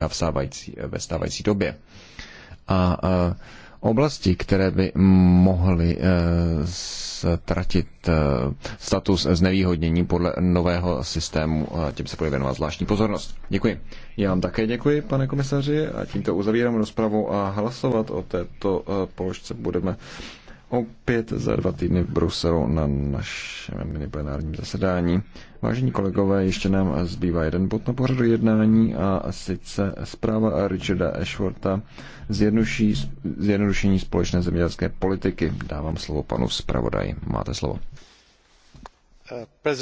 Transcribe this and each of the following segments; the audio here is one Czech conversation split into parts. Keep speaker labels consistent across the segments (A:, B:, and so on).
A: v vstávající, eh, ve stávající době. A eh, oblasti, které by mohly eh, ztratit status znevýhodnění podle nového systému, tím se bude věnovat zvláštní pozornost. Děkuji. Já vám také děkuji, pane komisaři, a tímto uzavírám rozpravu a hlasovat o této položce budeme opět za dva týdny v Bruselu na našem miniplenárním zasedání. Vážení kolegové, ještě nám zbývá jeden bod na pořadu jednání a sice zpráva Richarda Ashworta zjednodušení společné zemědělské politiky. Dávám slovo panu zpravodaji. Máte slovo.
B: Uh,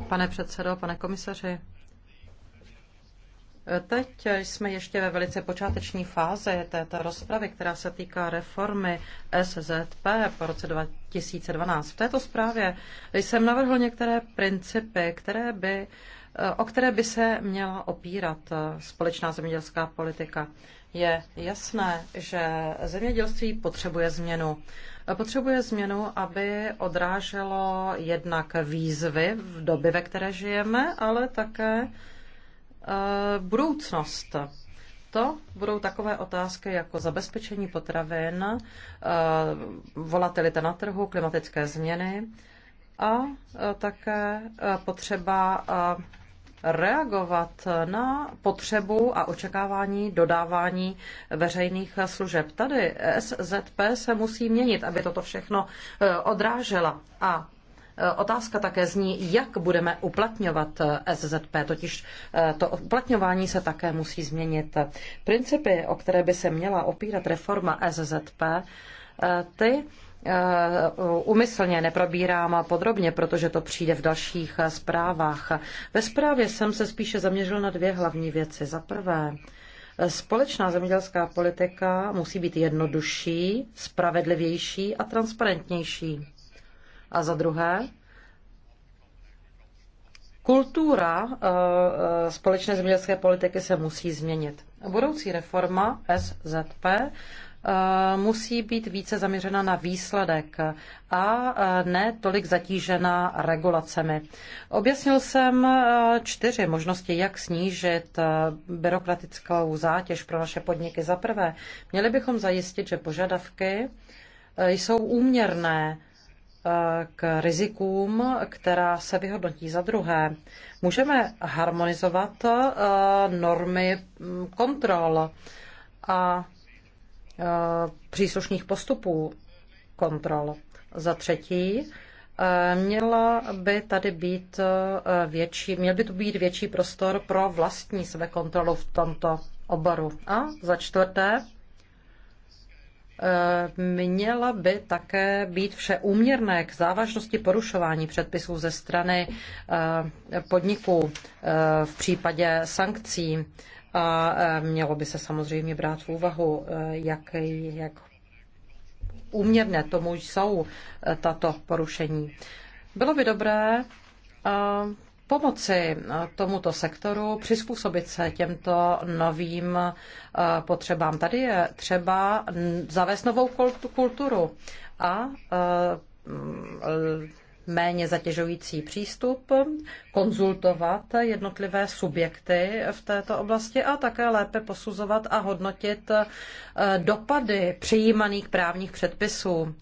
B: uh, pane předsedo, pane komisaři, Teď jsme ještě ve velice počáteční fázi této rozpravy, která se týká reformy SZP po roce 2012. V této zprávě jsem navrhl některé principy, které by, o které by se měla opírat společná zemědělská politika. Je jasné, že zemědělství potřebuje změnu. Potřebuje změnu, aby odráželo jednak výzvy v době, ve které žijeme, ale také Eh, budoucnost. To budou takové otázky jako zabezpečení potravin, eh, volatilita na trhu, klimatické změny a eh, také potřeba reagovat na potřebu a očekávání dodávání veřejných služeb. Tady SZP se musí měnit, aby toto všechno odrážela. A Eh, otázka také zní, jak budeme uplatňovat eh, SZP, totiž eh, to uplatňování se také musí změnit. Principy, o které by se měla opírat reforma SZP, ty Umyslně neprobírám podrobně, protože to přijde v dalších zprávách. Ve zprávě jsem se spíše zaměřil na dvě hlavní věci. Za prvé, společná zemědělská politika musí být jednodušší, spravedlivější a transparentnější. A za druhé, kultura eh, eh, společné zemědělské politiky se musí změnit. Budoucí reforma SZP eh, musí být více zaměřena na výsledek a ne tolik zatížena regulacemi. Objasnil jsem čtyři možnosti, jak snížit byrokratickou zátěž pro naše podniky. Za prvé, měli bychom zajistit, že požadavky jsou úměrné k rizikům, která se vyhodnotí. Za druhé, můžeme harmonizovat eh, normy mm, kontrol a eh, příslušných postupů kontrol. Za třetí, eh, měla by tady být větší, měl by tu být větší prostor pro vlastní sebekontrolu v tomto oboru. A za čtvrté, měla by také být všeúměrné k závažnosti porušování předpisů ze strany eh, podniků eh, v případě sankcí. A eh, mělo by se samozřejmě brát v úvahu, jak, jak úměrné tomu jsou tato porušení. Bylo by dobré pomoci eh, tomuto sektoru přizpůsobit se těmto novým eh, potřebám. Tady je třeba zavést novou kulturu a eh, méně zatěžující přístup, konzultovat jednotlivé subjekty v této oblasti a také lépe posuzovat a hodnotit dopady přijímaných právních předpisů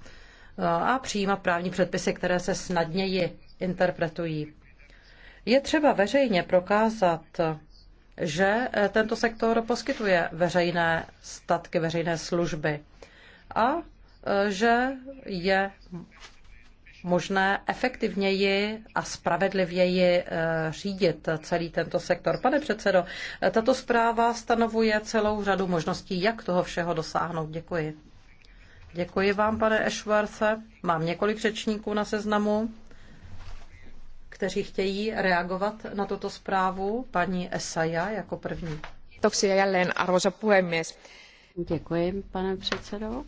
B: a přijímat právní předpisy, které se snadněji interpretují. Je třeba veřejně prokázat, že eh, tento sektor poskytuje veřejné statky, veřejné služby a eh, že je možné efektivněji a spravedlivěji eh, řídit celý tento sektor. Pane předsedo, tato zpráva stanovuje celou řadu možností, jak toho všeho dosáhnout. Děkuji. Děkuji vám, pane Ešvarce. Mám několik řečníků na seznamu kteří chtějí reagovat na tuto zprávu. Paní Esaja jako první. Kiitoksia jelen arvoisa puhemies. Děkuji, pane předsedo.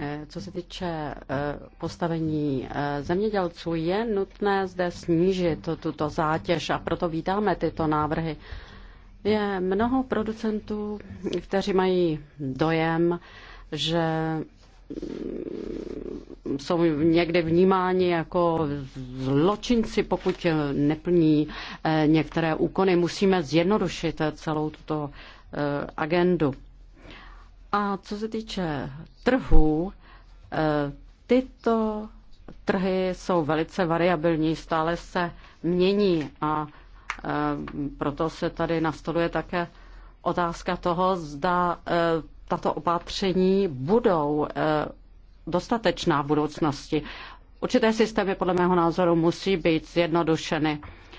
C: Eh, co se týče eh, postavení eh, zemědělců, je nutné zde snížit tuto zátěž a proto vítáme tyto návrhy. Je mnoho producentů, kteří mají dojem, že jsou někde vnímáni jako zločinci, pokud neplní eh, některé úkony. Musíme zjednodušit eh, celou tuto eh, agendu. A co se týče trhů, tyto trhy jsou velice variabilní, stále se mění a proto se tady nastoluje také otázka toho, zda tato opatření budou eh, dostatečná v budoucnosti. Určité systémy podle mého názoru musí být zjednodušeny.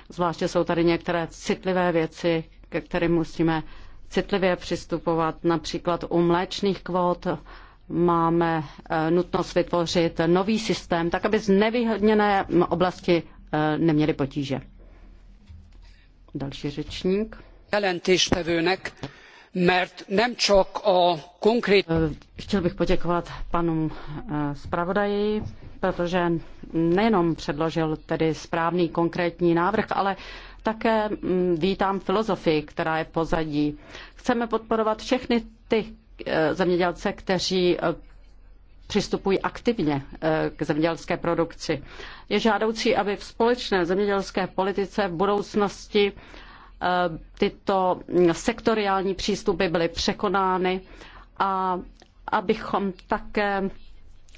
C: Zvláště jsou tady některé citlivé věci, ke kterým musíme citlivě přistupovat. Například u mléčných kvót máme eh, nutnost vytvořit nový systém, tak aby z nevyhodněné oblasti eh, neměly potíže. Další řečník. Eh, chtěl bych poděkovat panu eh, zpravodaji, protože nejenom předložil tedy správný konkrétní návrh, ale také mm, vítám filozofii, která je pozadí. Chceme podporovat všechny ty eh, zemědělce, kteří přistupují aktivně k zemědělské produkci. Je žádoucí, aby ve společné zemědělské politice v budoucnosti Eh, tyto sektoriální přístupy byly překonány a abychom také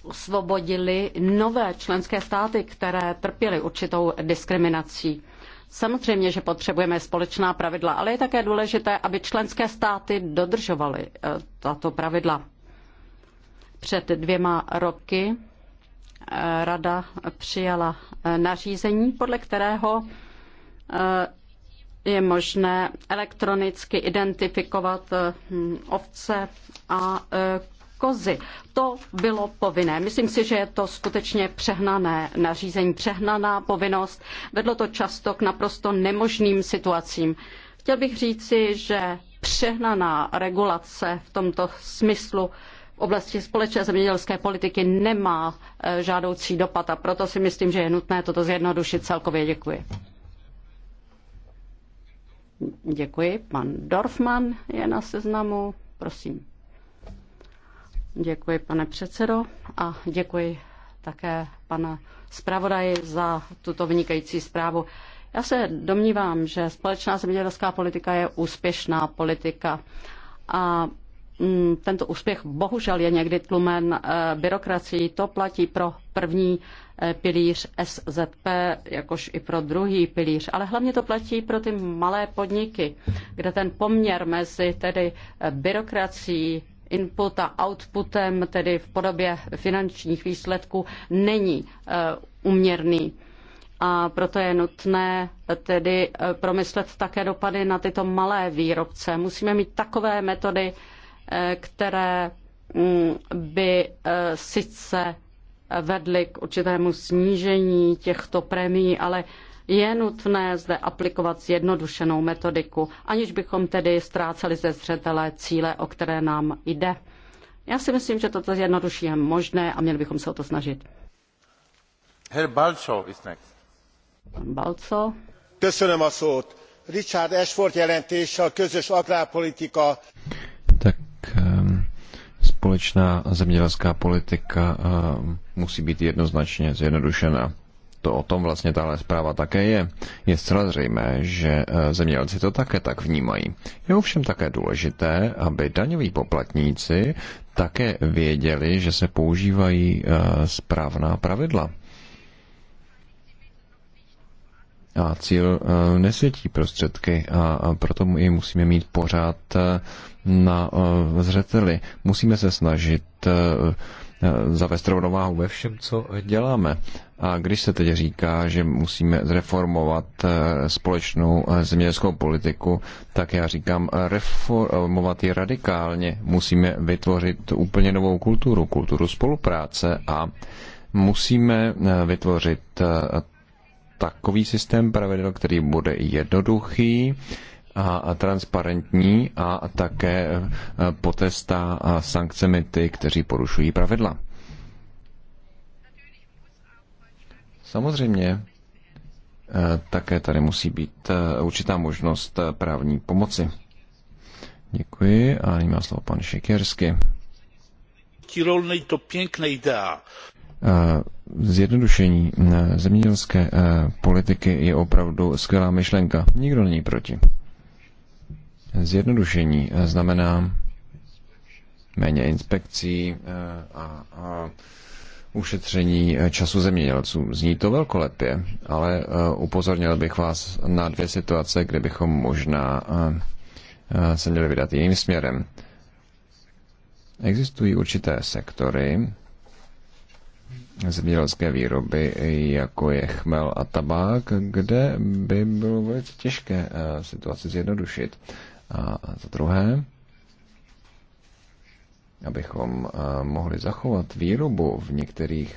C: osvobodili nové členské státy, které trpěly určitou diskriminací. Samozřejmě, že potřebujeme společná pravidla, ale je také důležité, aby členské státy dodržovaly eh, tato pravidla. Před dvěma roky eh, Rada přijala nařízení, podle kterého je možné elektronicky identifikovat hm, ovce a e, kozy. To bylo povinné. Myslím si, že je to skutečně přehnané nařízení, přehnaná povinnost. Vedlo to často k naprosto nemožným situacím. Chtěl bych říci, že přehnaná regulace v tomto smyslu v oblasti společné zemědělské politiky nemá e, žádoucí dopad a proto si myslím, že je nutné toto zjednodušit celkově. Děkuji. Děkuji. Pan Dorfman je na seznamu. Prosím. Děkuji, pane předsedo, a děkuji také pane zpravodaji za tuto vynikající zprávu. Já se domnívám, že společná zemědělská politika je úspěšná politika a Mm, tento úspěch bohužel je někdy tlumen eh, byrokracií. To platí pro první eh, pilíř SZP, jakož i pro druhý pilíř. Ale hlavně to platí pro ty malé podniky, kde ten poměr mezi tedy eh, byrokracií input a outputem, tedy v podobě finančních výsledků, není uměrný. A proto je nutné tedy promyslet také dopady na tyto malé výrobce. Musíme mít takové metody, které mm, by e, sice vedly k určitému snížení těchto prémií, ale je nutné zde aplikovat zjednodušenou metodiku, aniž bychom tedy ztráceli ze zřetele cíle, o které nám jde. Já si myslím, že toto zjednodušení je možné a měli bychom se o to snažit.
B: Herr Balco
A: is next.
C: Pan Balco.
A: Köszönöm a szót. Richard Ashford jelentése a közös agrárpolitika Společná zemědělská politika eh, musí být jednoznačně zjednodušena. To o tom vlastně tahle zpráva také je. Je zcela zřejmé, že eh, zemědělci to také tak vnímají. Je ovšem také důležité, aby daňoví poplatníci také věděli, že se používají eh, správná pravidla. a cíl eh, nesvětí prostředky a proto ji musíme mít pořád eh, na eh, zřeteli. Musíme se snažit zavést rovnováhu ve všem, co děláme. A když se teď říká, že musíme zreformovat společnou zemědělskou politiku, tak já říkám, reformovat ji radikálně. Musíme vytvořit úplně novou kulturu, kulturu spolupráce a musíme vytvořit takový systém pravidel, který bude jednoduchý a transparentní a také e, potestá e, sankcemi ty, kteří porušují pravidla. Samozřejmě e, také tady musí být určitá možnost právní pomoci. Děkuji a nyní má slovo pan Šikersky.
B: Rolnej to pěkná idea
A: zjednodušení eh, zemědělské eh, politiky je opravdu skvělá myšlenka. Nikdo není proti. Zjednodušení eh, znamená méně inspekcí a, a ušetření času zemědělců. Zní to velkolepě, ale upozornil bych vás na dvě situace, kde bychom možná se měli vydat jiným směrem. Existují určité sektory, zemědělské výroby, jako je chmel a tabák, kde by bylo velice těžké eh, situaci zjednodušit. A za druhé, abychom eh, mohli zachovat výrobu v některých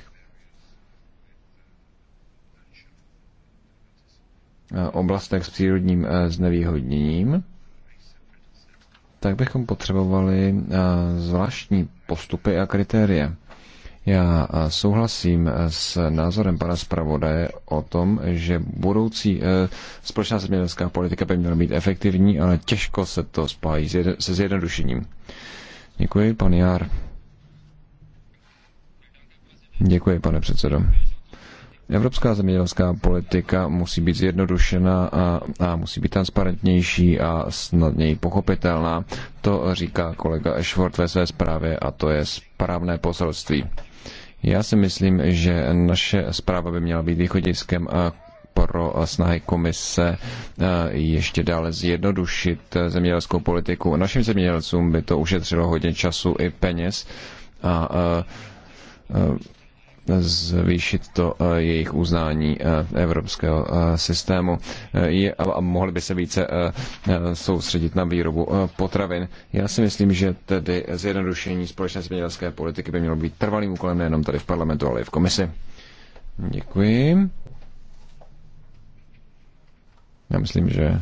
A: eh, oblastech s přírodním znevýhodněním, tak bychom potřebovali zvláštní postupy a kritéria. Já souhlasím e, s názorem pana zpravodaje o tom, že budoucí e, společná zemědělská politika by měla být efektivní, ale těžko se to spájí se zjednodušením. Děkuji, pan Jár. Děkuji, pane předsedo. Evropská zemědělská politika musí být zjednodušena a, a musí být transparentnější a snadněji pochopitelná. To říká kolega Ashford ve své zprávě a to je správné poselství. Já si myslím, že naše zpráva by měla být východiskem a pro snahy komise e, ještě dále zjednodušit zemědělskou politiku. Našim zemědělcům by to ušetřilo hodně času i peněz a, a e, zvýšit to eh, jejich uznání eh, evropského eh, systému. Je, a mohli by se více soustředit na výrobu potravin. Já si myslím, že tedy zjednodušení společné zemědělské politiky by mělo být trvalým úkolem nejenom tady v parlamentu, ale i v komisi. Děkuji. Já myslím, že,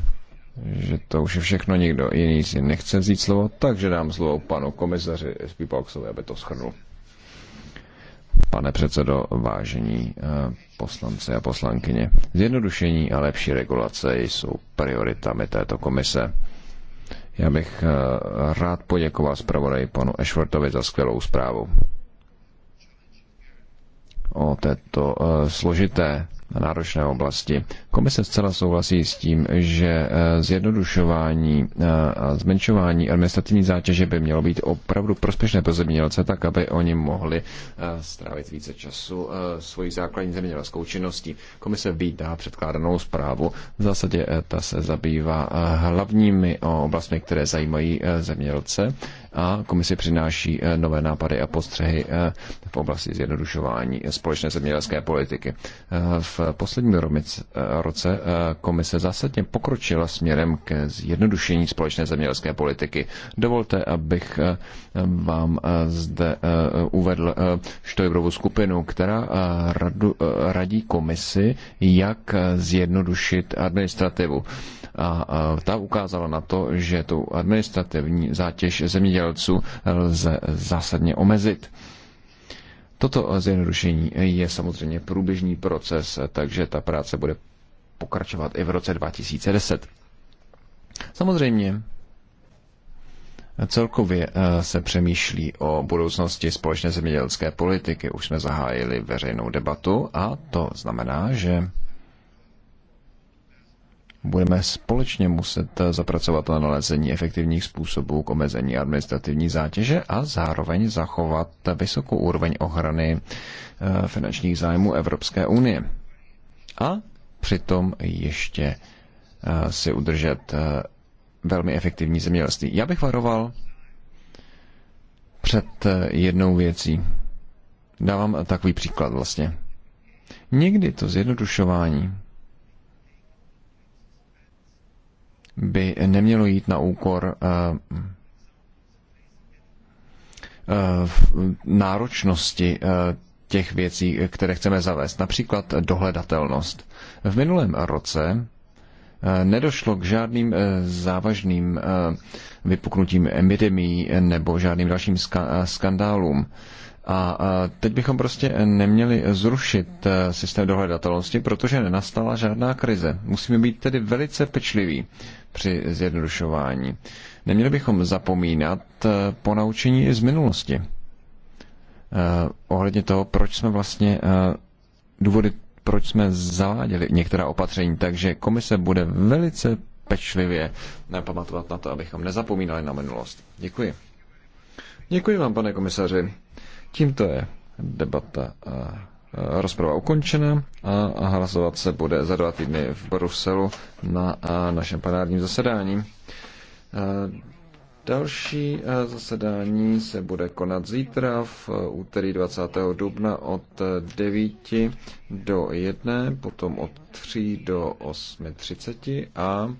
A: že to už je všechno. Nikdo jiný si nechce vzít slovo, takže dám slovo panu komisaři Spipalksovi, aby to shrnul pane předsedo, vážení eh, poslanci a poslankyně. Zjednodušení a lepší regulace jsou prioritami této komise. Já bych eh, rád poděkoval zpravodaji panu Ashwortovi za skvělou zprávu o této eh, složité náročné oblasti. Komise zcela souhlasí s tím, že eh, zjednodušování eh, a zmenšování administrativní zátěže by mělo být opravdu prospěšné pro zemědělce, tak aby oni mohli eh, strávit více času svojí základní zemědělskou činností. Komise vítá předkládanou zprávu. V zásadě ta se zabývá hlavními oblastmi, které zajímají zemědělce a komise přináší eh, nové nápady a postřehy eh, v oblasti zjednodušování společné zemědělské politiky. Eh, v posledním roce komise zásadně pokročila směrem ke zjednodušení společné zemědělské politiky. Dovolte, abych vám zde uvedl Štojbrovu skupinu, která radu, radí komisi, jak zjednodušit administrativu. A ta ukázala na to, že tu administrativní zátěž zemědělství zemědělců lze zásadně omezit. Toto zjednodušení je samozřejmě průběžný proces, takže ta práce bude pokračovat i v roce 2010. Samozřejmě Celkově eh, se přemýšlí o budoucnosti společné zemědělské politiky. Už jsme zahájili veřejnou debatu a to znamená, že budeme společně muset zapracovat na nalezení efektivních způsobů k omezení administrativní zátěže a zároveň zachovat vysokou úroveň ochrany eh, finančních zájmů Evropské unie. A přitom ještě eh, si udržet eh, velmi efektivní zemědělství. Já bych varoval před jednou věcí. Dávám takový příklad vlastně. Někdy to zjednodušování by nemělo jít na úkor eh, eh, náročnosti eh, těch věcí, které chceme zavést, například dohledatelnost. V minulém roce nedošlo k žádným závažným vypuknutím epidemí nebo žádným dalším skandálům. A teď bychom prostě neměli zrušit systém dohledatelnosti, protože nenastala žádná krize. Musíme být tedy velice pečliví při zjednodušování. Neměli bychom zapomínat eh, po naučení z minulosti. Eh, ohledně toho, proč jsme vlastně eh, důvody, proč jsme zaváděli některá opatření, takže komise bude velice pečlivě pamatovat na to, abychom nezapomínali na minulost. Děkuji. Děkuji vám, pane komisaři. Tímto je debata rozprava ukončena a hlasovat se bude za dva týdny v Bruselu na našem panárním zasedání. Další zasedání se bude konat zítra v úterý 20. dubna od 9 e, do 1, potom od 3 do 8.30 a